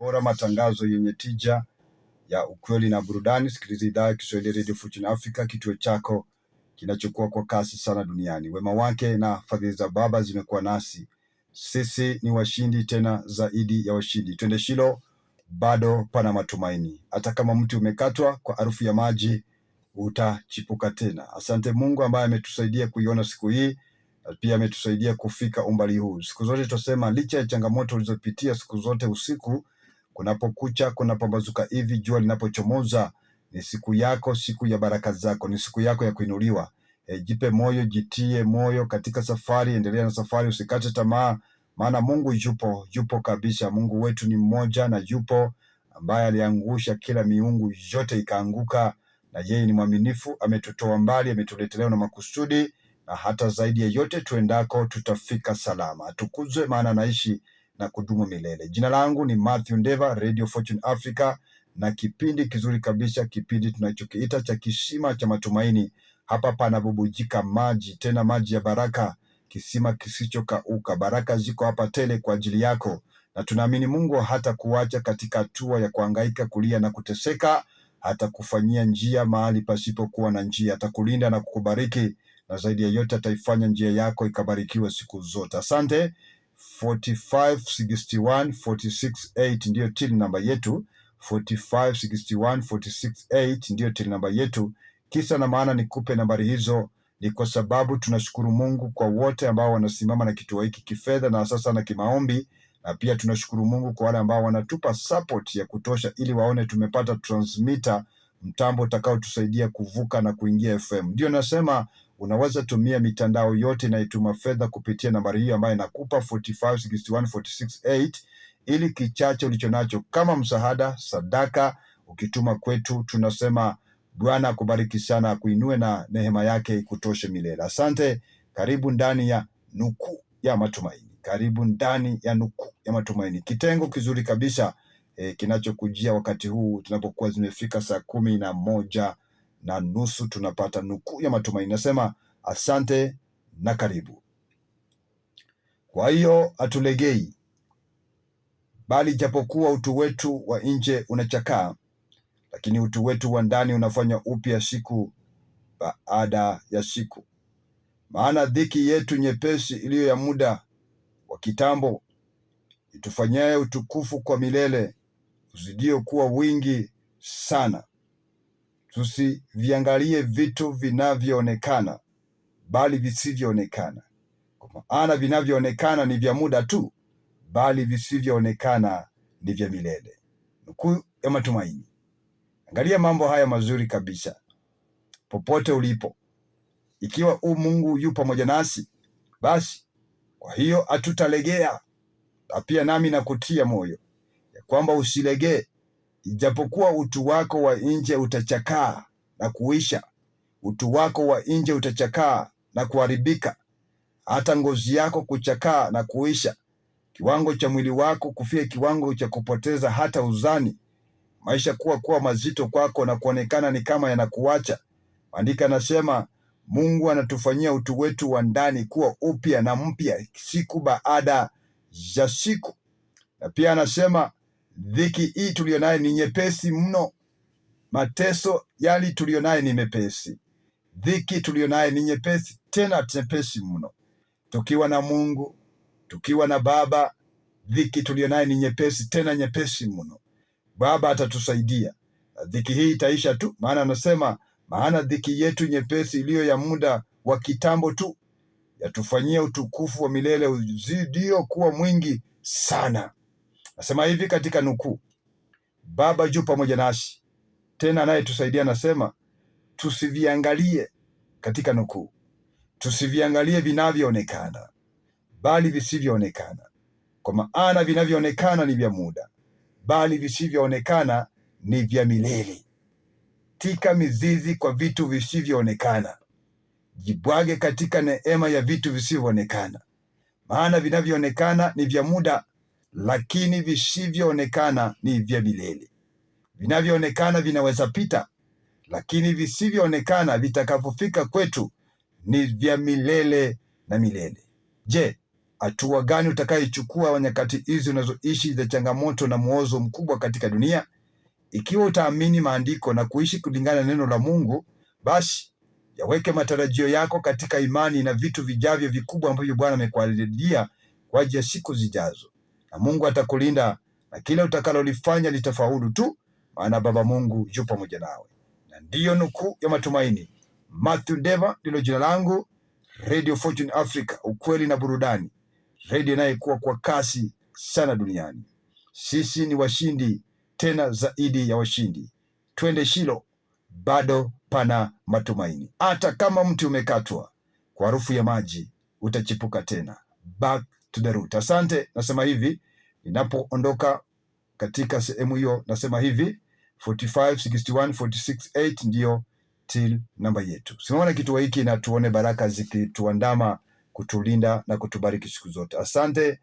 Bora matangazo yenye tija ya ukweli na burudani. Sikiliza idhaa ya Kiswahili Radio Fortune Africa, kituo chako kinachokuwa kwa kasi sana duniani. Wema wake na fadhili za Baba zimekuwa nasi, sisi ni washindi, tena zaidi ya washindi. Twende Shilo, bado pana matumaini. Hata kama mti umekatwa kwa harufu ya maji, utachipuka tena. Asante Mungu ambaye ametusaidia kuiona siku hii pia ametusaidia kufika umbali huu. Siku zote tutasema licha ya changamoto ulizopitia siku zote usiku Kunapokucha, kunapambazuka hivi jua linapochomoza, ni siku yako, siku ya baraka zako, ni siku yako ya kuinuliwa. E, jipe moyo, jitie moyo katika safari, endelea na safari, usikate tamaa, maana Mungu yupo, yupo kabisa. Mungu wetu ni mmoja na yupo, ambaye aliangusha kila miungu yote ikaanguka, na yeye ni mwaminifu, ametutoa mbali, ametuletelea na makusudi, na hata zaidi ya yote tuendako tutafika salama. Tukuzwe maana anaishi na kudumu milele. Jina langu ni Matthew Ndeva, Radio Fortune Africa, na kipindi kizuri kabisa, kipindi tunachokiita cha kisima cha matumaini. Hapa panabubujika maji, tena maji ya baraka, kisima kisichokauka. Baraka ziko hapa tele kwa ajili yako, na tunaamini Mungu hata kuacha katika hatua ya kuangaika, kulia na kuteseka. Atakufanyia njia mahali pasipokuwa na njia, atakulinda na kukubariki, na zaidi ya yote, ataifanya njia yako ikabarikiwa siku zote. Asante. 4561468 ndiyo till namba yetu. 4561468 ndiyo till namba yetu. Kisa na maana nikupe nambari hizo ni kwa sababu tunashukuru Mungu kwa wote ambao wanasimama na kituo hiki kifedha na sasa na kimaombi, na pia tunashukuru Mungu kwa wale ambao wanatupa support ya kutosha ili waone tumepata transmitter, mtambo utakaotusaidia kuvuka na kuingia FM. Ndio nasema Unaweza tumia mitandao yote inayotuma fedha kupitia nambari hiyo ambayo inakupa 4561468 ili kichache ulichonacho kama msaada, sadaka, ukituma kwetu, tunasema Bwana akubariki sana, akuinue na neema yake ikutoshe milele. Asante. Karibu ndani ya nukuu ya matumaini, karibu ndani ya nukuu ya matumaini, kitengo kizuri kabisa eh, kinachokujia wakati huu tunapokuwa zimefika saa kumi na moja na nusu tunapata nukuu ya matumaini nasema asante na karibu. Kwa hiyo hatulegei, bali japokuwa utu wetu wa nje unachakaa, lakini utu wetu wa ndani unafanywa upya siku baada ya siku. Maana dhiki yetu nyepesi iliyo ya muda wa kitambo itufanyaye utukufu kwa milele uzidio kuwa wingi sana tusiviangalie vitu vinavyoonekana, bali visivyoonekana, kwa maana vinavyoonekana ni vya muda tu, bali visivyoonekana ni vya milele. Nukuu ya matumaini. Angalia mambo haya mazuri kabisa, popote ulipo, ikiwa huu Mungu yu pamoja nasi, basi kwa hiyo hatutalegea. Na pia nami nakutia moyo ya kwamba usilegee Ijapokuwa utu wako wa nje utachakaa na kuisha, utu wako wa nje utachakaa na kuharibika, hata ngozi yako kuchakaa na kuisha, kiwango cha mwili wako kufia, kiwango cha kupoteza hata uzani, maisha kuwa kuwa mazito kwako na kuonekana ni kama yanakuacha. Maandiko anasema Mungu anatufanyia utu wetu wa ndani kuwa upya na mpya siku baada ya siku, na pia anasema Dhiki hii tuliyo nayo ni nyepesi mno, mateso yali tuliyo nayo ni mepesi, dhiki tuliyo nayo ni nyepesi, tena nyepesi mno. Tukiwa na Mungu, tukiwa na Baba, dhiki tuliyo nayo ni nyepesi, tena nyepesi mno. Baba atatusaidia, dhiki hii itaisha tu, maana anasema, maana dhiki yetu nyepesi iliyo ya muda wa kitambo tu yatufanyia utukufu wa milele uzidio kuwa mwingi sana. Nasema hivi katika nukuu, Baba yu pamoja nasi, tena anayetusaidia anasema tusiviangalie, katika nukuu, tusiviangalie vinavyoonekana, bali visivyoonekana, kwa maana vinavyoonekana ni vya muda, bali visivyoonekana ni vya milele. Tika mizizi kwa vitu visivyoonekana, jibwage katika neema ya vitu visivyoonekana, maana vinavyoonekana ni vya muda lakini visivyoonekana ni vya milele. Vinavyoonekana vinaweza pita, lakini visivyoonekana vitakavyofika kwetu ni vya milele na milele. Je, hatua gani utakayochukua wanyakati nyakati hizi unazoishi za changamoto na mwozo mkubwa katika dunia? Ikiwa utaamini maandiko na kuishi kulingana na neno la Mungu, basi yaweke matarajio yako katika imani na vitu vijavyo vikubwa ambavyo Bwana amekuahidia kwa ajili ya siku zijazo na Mungu atakulinda na kila utakalolifanya litafaulu tu, maana Baba Mungu yu pamoja nawe. Na ndiyo nukuu ya matumaini. Mathew Ndeva ndilo jina langu. Radio Fortune Africa, ukweli na burudani, redio inayokuwa kwa kasi sana duniani. Sisi ni washindi, tena zaidi ya washindi. Twende Shilo, bado pana matumaini. Hata kama mti umekatwa, kwa harufu ya maji utachipuka tena. Back to the root. Asante, nasema hivi, ninapoondoka katika sehemu hiyo, nasema hivi 45 61 46 8 ndiyo till namba yetu. Simama na kituo hiki na tuone baraka zikituandama kutulinda na kutubariki siku zote. Asante.